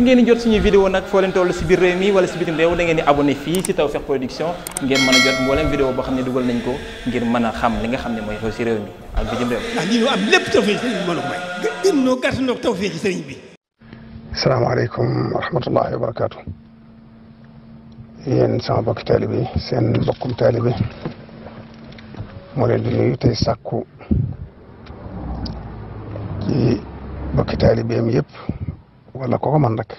ngir ngeen jot suñu vidéo nag foo leen toll si biir réew mi wala si bitim réew da ngeen di abonné fii si Tawfekh Production ngeen mën a jot mboolem vidéo boo xam ne dugal nañ ko ngir mën a xam li nga xam ne mooy xew si réew mi ak ñu ah, am lépp Tawfekh sëriñ bi mën a may. gën noo gàtt noo bi. salaamaaleykum wa rahmatullahi wa barakaatu. yéen sama bokk taalibe seen bokkum taalibe moo leen di nuyu tey sàkku ci bokki taalibeem yëpp. wala ko ko man rek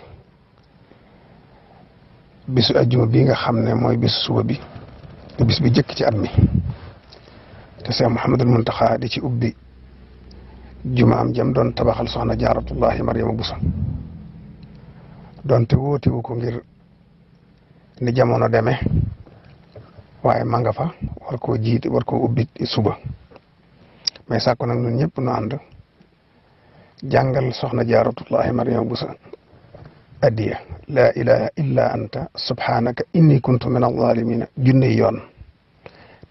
a ajjuma bi nga xam ne mooy bisu suba bi di bi jëkk ci at mi te Seex Muhammadul taxa di ci ubbi jumaam jam doon tabaxal soxna jaaratullahi Mariama Buso donte wóotewu ko ngir ne jamono deme waaye ma nga fa war koo jiit war koo ubbi suba mais sàkko nag ñun ñëpp nu ànd jàngal soxna jaaratullahi mariama busa addiya laa ilaha illa anta subhanaka inni kuntu min alzalimina junni yoon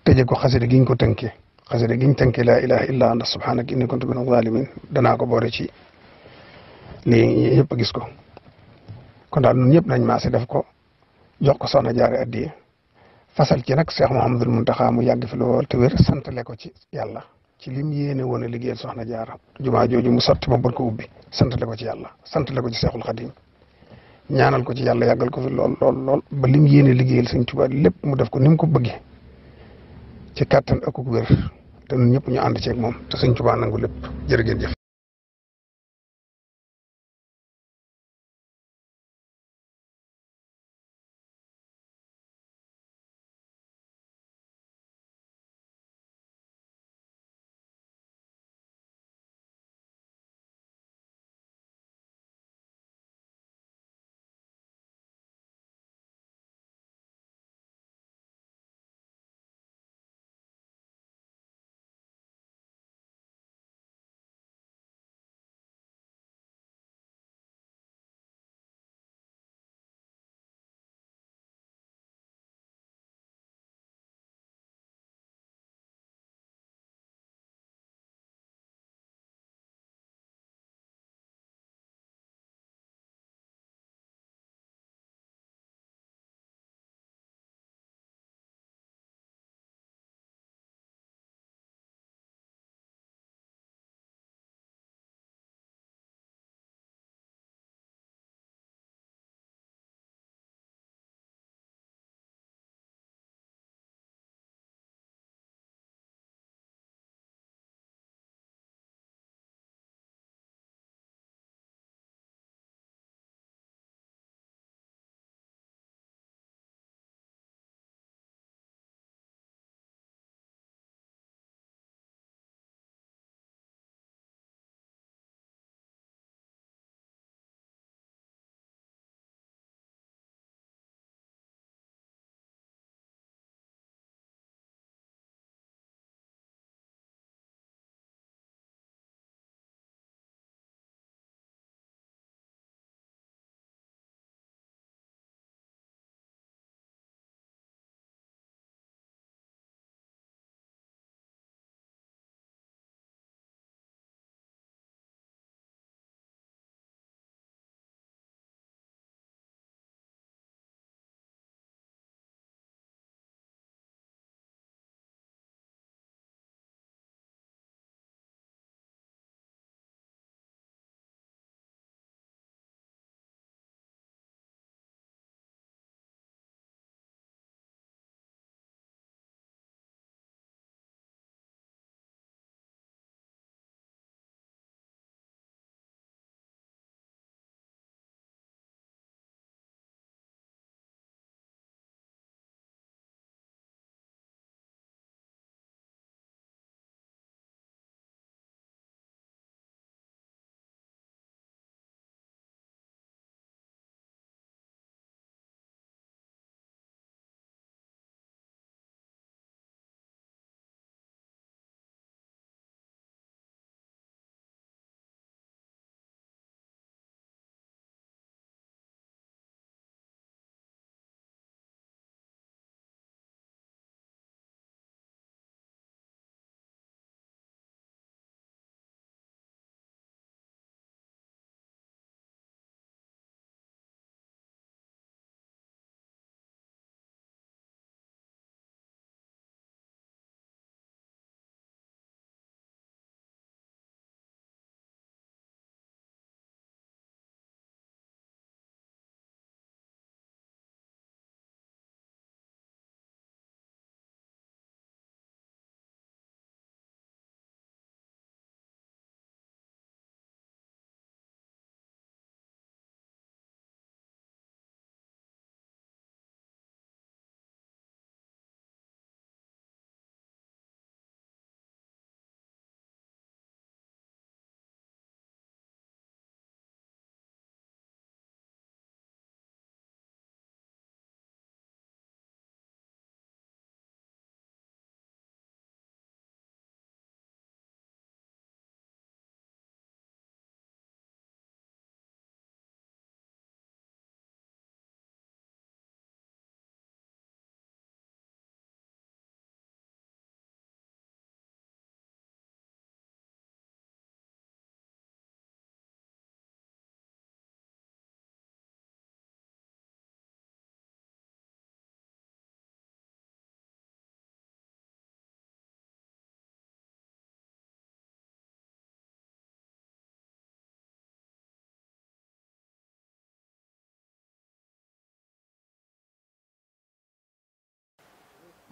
tëje ko xasida giñ ko tënke xasida giñ tënke la ilaha illa anta subhanaka inni kuntu min alzalimin danaa ko boore ci lii ñëpp a gis ko kon daal ñun ñëpp nañ maase def ko jox ko soxna jaare addiya fasal ci nag Cheikh Mouhamadul Muntaxa mu yàgg fi lool te wér santale ko ci yàlla ci lim yéene woon a na soxna jaara jumaa jooju mu sotti ba bët ko ubbi sant la ko ci yàlla sant la ko ci seexul xadim ñaanal ko ci yàlla yàggal ko fi lool lool lool ba lim yéene liggéeyal sëñ Tuubaa lépp mu def ko ni mu ko bëggee kattan kàttan ak wér te ñun ñëpp ñu ànd ceeg moom te sëñ Tuubaa nangu lépp jërë ngeen jëf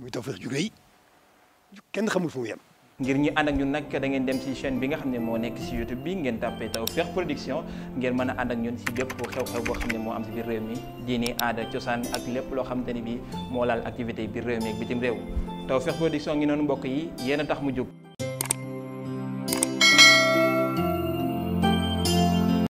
muy Tawfekh ju rëy kenn xamul fu mu ngir ñu ànd ak ñun nag da ngeen dem ci chaîne bi nga xam ne moo nekk ci YouTube bi ngeen tàppee Tawfekh Production ngeen mën a ànd ak ñun ci bépp xew-xew boo xam ne moo am ci biir réew mi diini aada cosaan ak lépp loo xamante ni bi moo laal activité biir réew mi ak bitim réew Tawfekh Production ngi noonu mbokk yi yéen tax mu jóg.